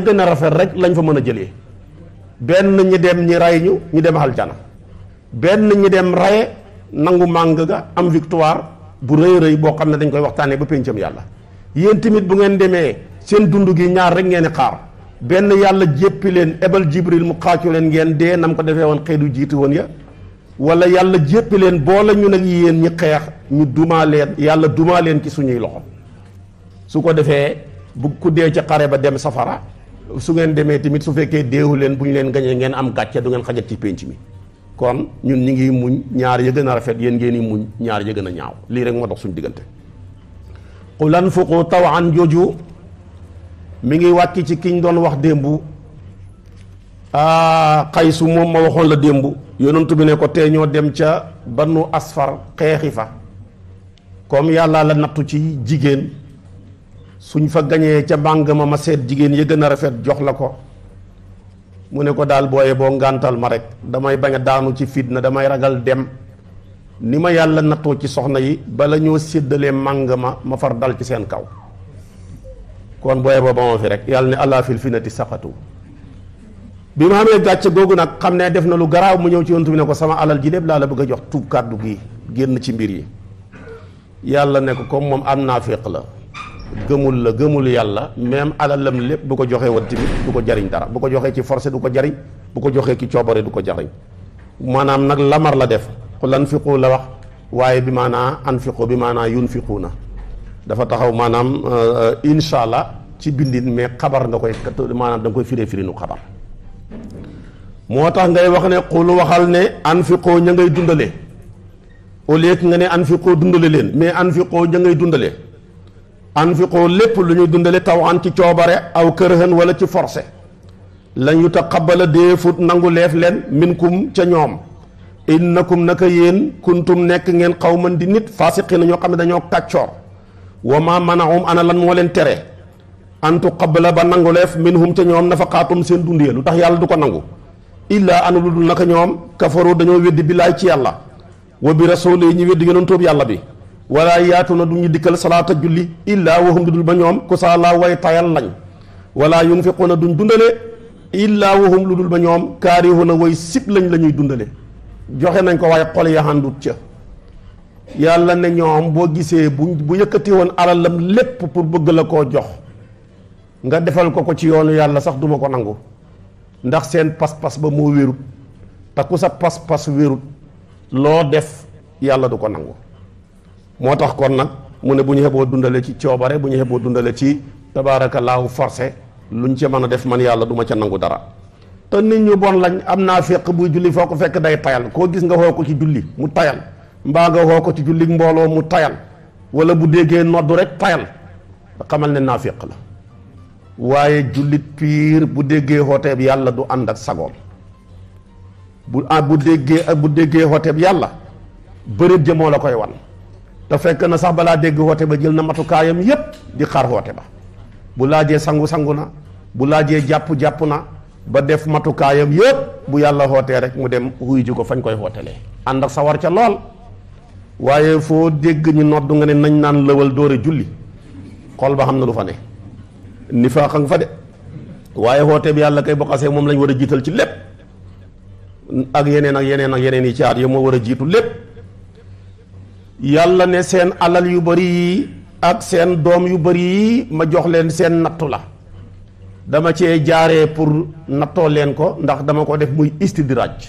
gën a rafet rek lañ fa mën a jëlee benn ñi dem ñi ray ñu ñu dem aljana benn ñi dem raye nangu màng ga am victoire bu rëy rëy boo xam ne dañ koy waxtaanee ba pencam yàlla yéen timit bu ngeen demee seen dund gi ñaar rek ngeen xaar benn yàlla jéppi leen ebal jibril mu xaacu leen ngeen dee nam ko defee woon xeydu jiitu woon ya wala yàlla jéppi leen boole ñu nag yéen ñi xeex ñu dumaa leen yàlla dumaa leen ci suñuy loxo su ko defee bu ku dee ci xare ba dem safara su ngeen demee tamit su fekkee deewu leen bu ñu leen gañee ngeen am gàcce du ngeen xajat ci pénc mi kon ñun ñi ngi muñ ñaar ya gën rafet yéen ngeen i muñ ñaar gën a ñaaw lii rek moo dox suñ diggante qul anfiqu tawan jooju mi ngi wàcc ci ki kiñ doon wax démbu xaysu moom ma waxoon la démb yonentu bi ne ko tee ñoo dem ca bannu asfar xeexi fa comme yàlla la nattu ci jigéen suñ fa gañee ca màng ma ma seet jigéen ya gën rafet jox la ko mu ne ko daal booye boo ngàntal ma rek damay bañ daanu ci fitna damay ragal dem ni ma yàlla nattoo ci soxna yi bala ñoo séddalee màng ma ma far dal ci seen kaw kon booye boo ba ma fi rek yàlla ne allah fil finati saxatu bi ma amee gàcce googu nag xam ne def na lu garaaw mu ñëw ci yontu bi ne ko sama alal ji lépp laa la bëgg a jox tuub kàddu gi génn ci mbir yi yàlla ne ko comme moom am naa féq la gëmul la gëmul yàlla même alalam lépp bu ko joxee woon tamit du ko jariñ dara bu ko joxee ci forcé du ko jariñ bu ko joxee ci coobare du ko jariñ maanaam nag lamar la def xul la wax waaye bi maanaa anfiqu bi maanaa yunfiquuna dafa taxaw maanaam euh, incha allah ci bindin mais xabar nga koy maanaam da nga koy firee firinu xabar moo tax ngay wax ne xul waxal ne anfiqoo ña ngay dundale au lieu que nga ne anfiqoo dundale leen mais anfiqoo ña ngay dundale anfiqoo lépp lu ñu dundale tawaan ci coobare aw kër kërëhën wala ci forcé lan yu xabbala déefut nangu nanguleef leen minkum ca ñoom innakum naka yéen kuntum nekk ngeen xaw man di nit faasiqi na ñoo xam ne dañoo kàccoor wa ma manaum ana lan moo leen tere an tuqabala ba nangu leef minhum ca ñoom nafaqaatum seen dund ya lu tax yàlla du ko nangu illaa ana lu dul naka ñoom kafaru dañoo weddi billaahi ci yàlla wa bi rasuuli ñu weddi yonentoob yàlla bi wala yaatu na du ñu dikkal salaata julli illaa wahum dudul ba ñoom ku saalaa way tayal lañ wala yunfiquuna duñ dundale illaa wahum lu dul ba ñoom kaarihuna woy sib lañ la ñuy dundale joxe nañ ko waaye xol yaxandut ca yàlla ne ñoom boo gisee bu bu yëkkati woon alalam lépp pour bëgg la koo jox nga defal ko ko ci yoonu yàlla sax duma ko nangu ndax seen pas-pas ba moo wérut te ku sa pas-pas wérut loo def yàlla du ko nangu moo tax kon nag mu ne bu ñu xeboo dundale ci coobare bu ñu xeboo dundalee ci tabaarakallaahu forcé luñ ci mën a def man yàlla duma ma ca nangu dara te nit ñu bon lañ am naa fekk buy julli foo ko fekk day tayal koo gis nga xoo ko ci julli mu tayal mbaa nga xoo ko ci julli mbooloo mu tayal wala bu déggee noddu rek tayal xamal ne naa la waaye jullit piir bu déggee xooteeb yàlla du ànd ak sagoom bu ah bu déggee bu déggee xooteeb yàlla bërëb jëmoo la koy wan da fekk na sax balaa dégg woote ba jël na matukaayam yépp di xaar woote ba bu laajee sangu-sangu na bu laajee jàpp-jàpp na ba def matukaayam yépp bu yàlla xootee rek mu dem wuy ji ko fañ koy xootelee ànd ak sawar ca lool waaye foo dégg ñu noddu nga ne nañ naan lëwal dóore julli xool ba xam na lu fa ne ni faa xam fa de waaye xoote bi yàlla kay bokkasee moom lañ war a jiital ci lépp ak yeneen ak yeneen ak yeneen yi caat yow moo war a jiitu lépp yàlla ne seen alal yu bari yi ak seen doom yu bari yi ma jox leen seen nattu la dama cee jaaree pour nattoo leen ko ndax dama ko def muy istidraaj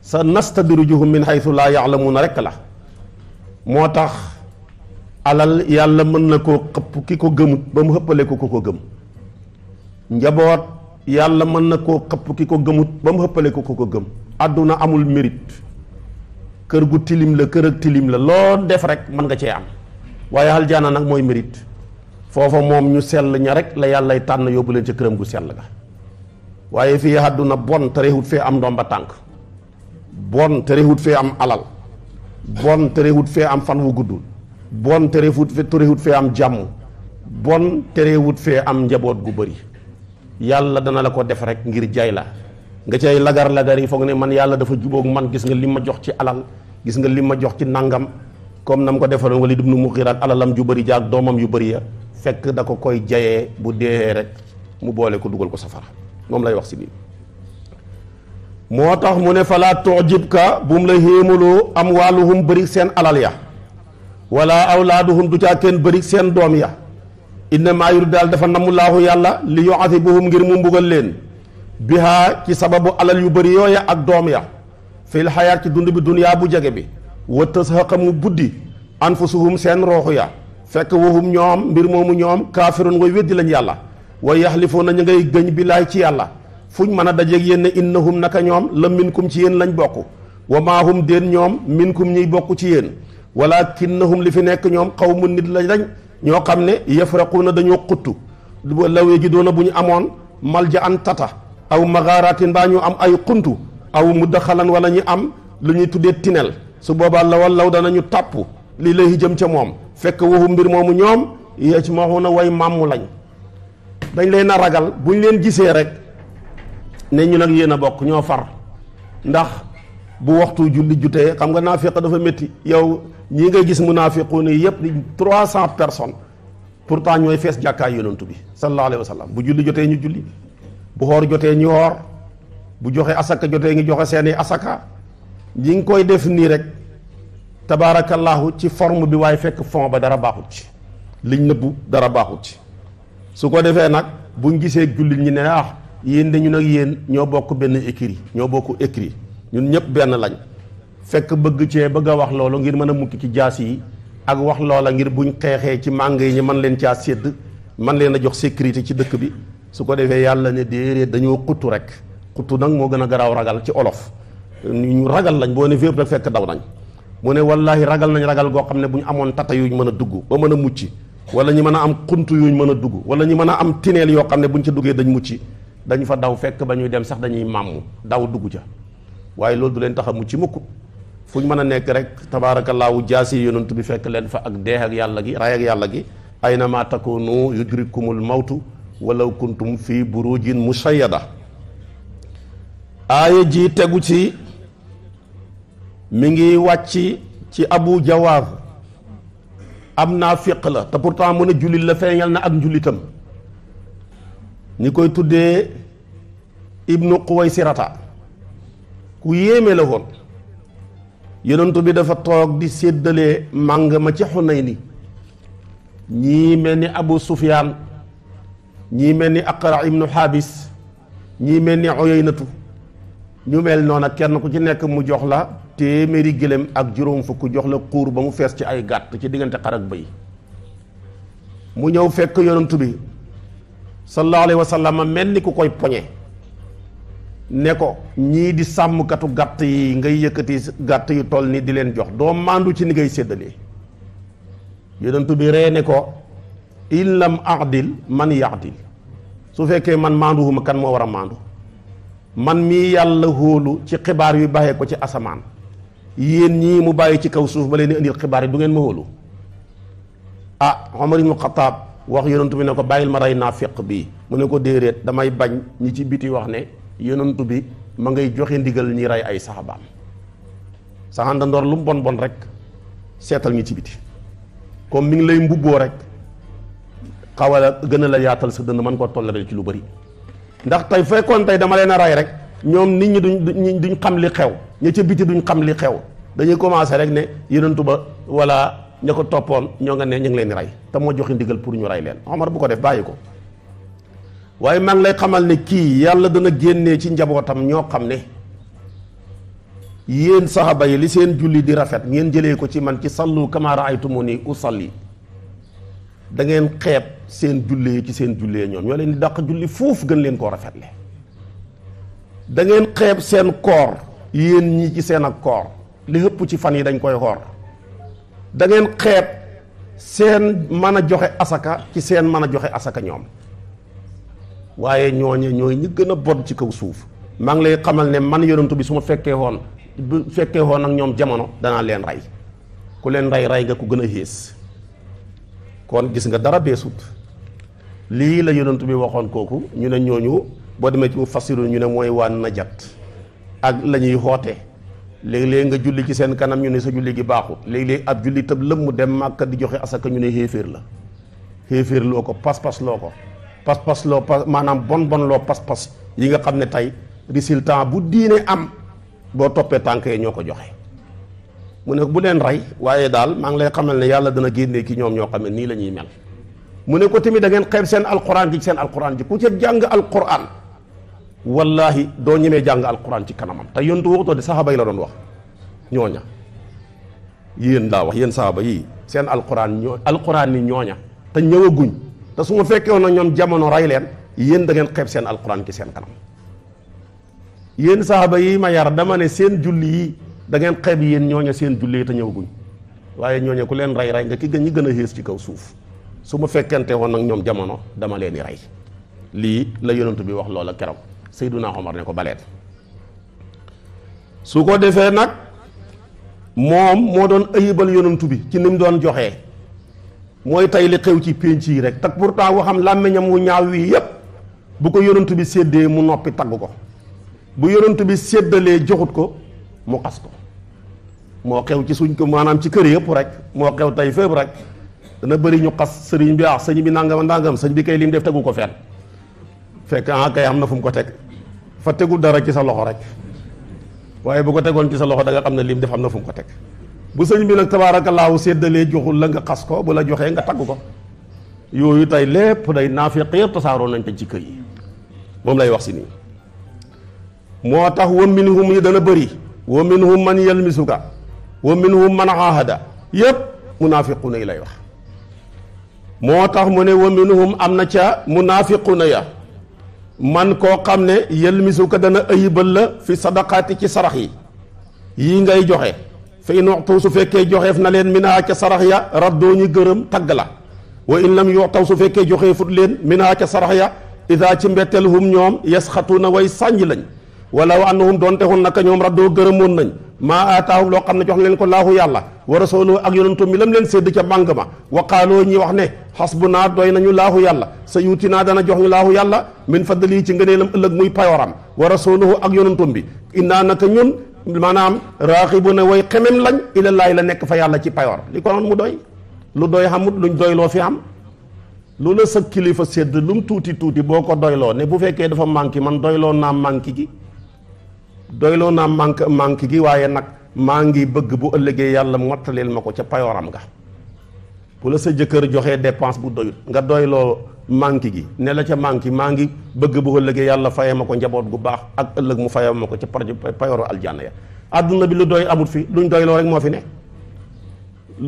sa nastadrijuhum min haythu laa ya'lamuuna rekk la moo tax alal yàlla mën na koo xëpp ki ko gëmut ba mu xëppale ko ko gëm njaboot yàlla mën na koo xëpp ki ko gëmut ba mu xëppale ko ku ko gëm àdduna amul mérite kër gu tilim la kër ak tilim la loo def rek mën nga cee am waaye aljaana nag mooy mérite foofa moom ñu sell ña rek la yàllay tànn yóbbu leen ca këram gu sell ga waaye fii àdduna bon te réewut fee am ndomba tànk bon te réewut fee am alal bon te réewut fee am fan wu guddul bon te réewut fee am jàmm bon te fee am njaboot gu bëri yàlla dana la ko def rek ngir jay la nga cay lagar lagar yi foog ne man yàlla dafa jubóog man gis nga li ma jox ci alal gis nga li ma jox ci nangam comme nam ko defaloon wala dib nu mu alalam ju bëri jaag doomam yu bëri ya fekk da ko koy jayee bu dee rek mu boole ko dugal ko safara moom lay wax si moo tax ne fala tujibka bum la héemuloo am wàlluhum bëri seen alal ya wala awlaaduhum du caa kenn bëri seen doom ya innama yur daal dafa namu laahu yàlla li ngir mu mbugal leen bihaa ci sababu alal yu bëri yooya ak doom ya fil xayaat ci dund bi duniyaa bu jege bi wa tës xaqamu buddi anfusuhum seen rooxu ya fekk waxum ñoom mbir moomu ñoom kaafirun way weddi lañ yàlla wa way yaxlifuuna ñu ngay gëñ bi ci yàlla fuñ mën a dajeeg yéen ne innahum naka ñoom la minkum ci yéen lañ bokk wa maahum déen ñoom minkum ñiy bokk ci yéen walakinnahum li fi nekk ñoom xaw xawmu nit lañ lañ ñoo xam ne yafraquuna dañoo xuttu law yajiduuna bu ñu amoon malja an tata aw maxaaraatin mbaa ñu am ay xuntu aw muddaxalan wala ñu am lu ñuy tuddee tinel su boobaa lawal law danañu tàpp lii lay jëm ca moom fekk waxu mbir moomu ñoom yee ci maxu na way màmmu lañ dañ leen a ragal buñ leen gisee rek ne ñu nag yéen a bokk ñoo far ndax bu waxtu julli jutee xam nga naafiq dafa métti yow ñii nga gis munaafiquun yi yëpp di trois cent personnes pourtant ñooy fees jàkkaay yonantu bi sallallahu alayhi wa sallam bu julli jotee ñu julli bu xoor jotee ñu xoor bu joxe asaka jotee ngi joxe seeni asaka ñi ngi koy def nii rek tabaarakallaahu ci forme bi waaye fekk fond ba dara baaxut ci liñ nëbbu dara baaxut ci su ko defee nag buñ gisee jullit ñi ne ah yéen dañu nag yéen ñoo bokk benn écrit ñoo bokk écrit ñun ñëpp benn lañ fekk bëgg cee bëgg a wax loolu ngir mën a mukki ci jaas yi ak wax loola ngir buñ xeexee ci màng yi ñu mën leen caa sedd man leen a jox sécurité ci dëkk bi su ko defee yàlla ne déedéet dañoo xuttu rek xuttu nag moo gën a garaaw ragal ci olof ñu ragal lañ boo ne fépp rek fekk daw nañ mu ne wallaahi ragal nañ ragal goo xam ne bu ñu amoon tata ñu mën a dugg ba mën a mucc wala ñu mën a am xunt ñu mën a dugg wala ñu mën a am tineel yoo xam ne bu ñu ca duggee dañ mucc dañ fa daw fekk ba ñuy dem sax dañuy màmm daw dugg ca waaye loolu du leen tax a mucc mukk fu ñu mën a nekk rek tabaarakallaahu jaasi yonent bi fekk leen fa ak deex ak yàlla gi ray ak yàlla gi ay na maa takunu yudrikumul mawtu walaw kuntum fii burujin mushayyada aaya ji tegu ci mi ngi wàcc ci abu jawaar am naa fiq la te pourtant mën a jullit la feeñal na ak njullitam ñi koy tuddee ibnu Quwaysirata ku yéeme la woon yonentu bi dafa toog di séddalee màng ma ci ni ñii mel ni Abu Sufyaan ñii mel ni Aqra ibnu Xaabis ñii mel ni Oyeynatu ñu mel noonu ak kenn ku ci nekk mu jox la téeméeri gëléem ak juróom fukk jox la xuur ba mu fees ci ay gàtt ci diggante xar ak bëy mu ñëw fekk yonantu bi sallallahu alayhi wa sallam mel ni ku koy poñe ne ko ñii di sàmmkatu gàtt yi ngay yëkkati gàtt yi toll ni di leen jox doo màndu ci ni ngay séddalee yonantu bi ree ne ko illam adil man yadil su fekke man manduhum kan mo wara mandu man mi yalla holu ci xibar yu baye ko ci asaman yen ñi mu baye ci kaw suuf ba leen indil xibaar du ngeen ma holu ah umar ibn khattab wax yonantu bi ne ko bàyyil ma rey mu ne ko damay bañ ñi ci biti wax ne yonantu bi ma ngay joxe ndigal ñi ray ay saxabaam ndor lu bon bon rek setal ñi ci biti comme mi ngi lay mbubbo rek xaw a gën a la yaatal sa dënn mën koo toléré ci lu bëri ndax tey fekkoon tey dama leen a rey rek ñoom nit ñi duñ duñ xam li xew ña ca biti duñ xam li xew dañuy commencé rek ne yonentu ba wala ña ko toppoon ñoo nga ne ñu ngi leen di rey te moo joxe ndigal pour ñu rey leen Omar bu ko def bàyyi ko waaye maa lay xamal ne kii yàlla dana génnee ci njabootam ñoo xam ne yéen saxaba yi li seen julli di rafet ngeen jëlee ko ci man ci sallu kama raaytumuni usalli da ngeen xeeb seen jullee ci seen jullee ñoom ñoo leen di daq julli foofu gën leen koo rafetle da ngeen xeeb seen koor yéen ñi ci seen ak koor li ëpp ci fan yi dañ koy xoor da ngeen xeeb seen mën a joxe asaka ci seen mën a joxe asaka ñoom waaye ñooñe ñooy ñu gën a bon ci kaw suuf maa ngi lay xamal ne man yonent bi su ma fekkee woon bu fekkee woon ak ñoom jamono danaa leen rey ku leen rey rey nga ku gën a yées kon gis nga dara beesut lii la yonent bi waxoon kooku ñu ne ñooñu boo demee ci mu fassiru ñu ne mooy waan najat ak la ñuy xoote léeg-léeg nga julli ci seen kanam ñu ne sa julli gi baaxut léeg-léeg ab julli tam lëmm dem màkk di joxe asaka ñu ne xéeféer la xéeféer loo ko pas-pas loo ko pas-pas loo pas maanaam bon bon loo pas-pas yi nga xam ne tey résultat bu diine am boo toppee tànk yi ñoo ko joxe mu ne bu len ray waye dal maa lay xamal ne yalla dana genné ki ñom ño xamé ne lañuy mel mu ne ko timi da ngeen xeb sen alquran gi sen alquran ji ku ci jang alquran wallahi do ñëmé jang alquran ci kanamam ta yontu waxutoo de sahaba yi la doon wax ñoña yeen da wax yeen sahaba yi sen alquran ñoo alquran ni ñooña te ñëwaguñ ta suma fekke won woon ñoom jamono ray len yeen da ngeen xeb sen alquran ci sen kanam yeen sahaba yi ma yar dama ne sen julli da ngeen xeeb yéen ñooño seen jullee te guñ waaye ñooña ku leen rey rey nga ki gën ñi gën a xées ci kaw suuf su ma fekkente woon nag ñoom jamono dama leen di rey lii la yonent bi wax loola keroog Seydunaa Omar ne ko baleet su ko defee nag moom moo doon ayibal yonent bi ci ni doon joxee mooy tey li xew ci pénc yi rek te pourtant waxam làmmiñam wu ñaaw wii yépp bu ko yonent bi séddee mu noppi tagg ko bu yonent bi séddalee joxut ko mu xas ko moo xew ci suñ ko maanaam ci kër yëpp rek moo xew tey fépp rek dana bëri ñu xas sëriñ bi ah sëñ bi nangam nangam sëñ bi kay lim def tegu ko fenn fekk ah kay am na fu mu ko teg fa tegu dara ci sa loxo rek waaye bu ko tegoon ci sa loxo danga nga na ne lim def xam na fu ko teg bu sëñ bi nag tabaarakallaahu séddalee joxul la nga xas ko bu la joxee nga tagg ko yooyu tey lépp day naa naafiq yëpp tasaaroo nañ ko ci kër yi moom lay wax si nii moo tax wa minhum yi dana bëri wa minhum man yalmisuka ومنهم من عاهد يب منافقون الى يخ موتاخ موني ومنهم امنا تيا منافقون يا من كو خامني يلمسو كدنا ايبل لا في صدقاتي كي صرحي يي غاي جوخي فان اعطوا سفكي جوخيف نالين منا كي صرح يا ردو ني غرم تاغلا وان لم يعطوا سفكي جوخيف لين منا كي صرح يا اذا تي مبتلهم نيوم يسخطون ويسانج لاني walaw annahum doonte hun naka ñoom raddoo gërëmoon nañ maa aataahum loo xam ne jox leen ko laahu yàlla soo wa rasuluhu ak yonantu mi lam leen sédd ca màng ma wa qaaloo ñi wax ne naa doy nañu laahu yàlla sa yuutinaa dana jox ñu laahu yàlla min fadlii ci ngëneelam ëllëg muy payoram wa rasuluhu ak yonantum bi innaa naka ñun maanaam raaxibu ne way xemem lañ ila laay la nekk fa yàlla ci payoor li ko noon mu doy lu doy xamut luñ doy loo fi am lu la sa kilifa sédd lu mu tuuti tuuti boo ko doyloo ne bu fekkee dafa manqué man doyloo naa manqué gi doyloo naa manque manque gi waaye nag maa ngi bëgg bu ëllëgee yàlla mu mottaleel ma ko ca payooram nga bu la sa jëkkër joxee dépense bu doyut nga doyloo manque gi ne la ca manque maa ngi bëgg bu ëllëgee yàlla fayee ma ko njaboot gu baax ak ëllëg mu fayam ma ko ca payooru aljanna ya àdduna bi lu doy amut fi luñ doyloo rek moo fi ne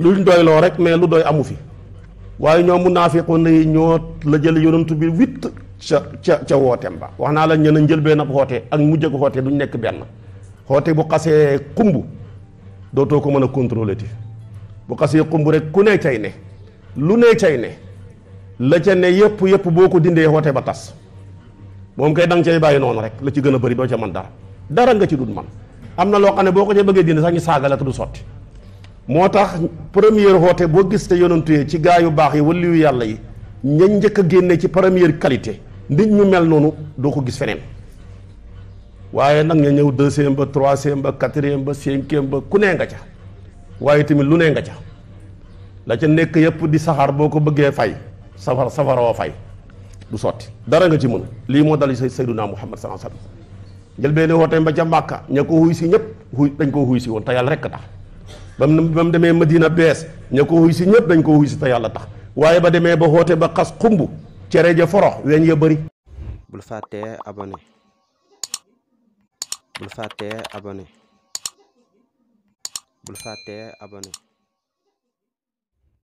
luñ doyloo rek mais lu doy amu fi waaye ñoom munaafiqoon yi ñoo la jël yonantu bi witt ca ca ca wooteem ba wax naa la ñu ne njëlbeen ab xoote ak mujj ak xoote duñ nekk benn xoote bu xasee xumb dootoo ko mën a contrôler ti bu xasee xumb rek ku ne cay ne lu ne cay ne la ca ne yëpp yëpp boo ko dindee xoote ba tas moom kay da nga cay bàyyi noonu rek la ci gën a bëri doo ca man dara dara nga ci dut man am na loo xam ne boo ko ca bëggee dindi sax ñu saaga la te du sotti moo tax première xoote boo gis te yonantu ci gaa yu baax yi waliyu yàlla yi ña njëkk a ci première qualité nit ñu mel noonu doo ko gis feneen waaye nag ña ñëw deuxième ba troisième ba quatrième ba cinquième ba ku nee nga ca waaye tamit lu nee nga ca la ca nekk yëpp di saxaar boo ko bëggee fay safar safaroo fay du sotti dara nga ci mën lii moo dal Seydunaa Muhammad sallallahu alayhi wasallam njëlbéen wooteem ba ca Màkka ña ko xuy si ñëpp xuy dañ ko xuy si woon te yàlla rekk tax ba mu ba mu demee Madina bees ña ko xuy si ñëpp dañ ko xuy si te yàlla tax waaye ba demee ba woote ba xas xumb cere ja foro weñ ya bëri. bul fàttee abonné bul fàttee abonné bul fàttee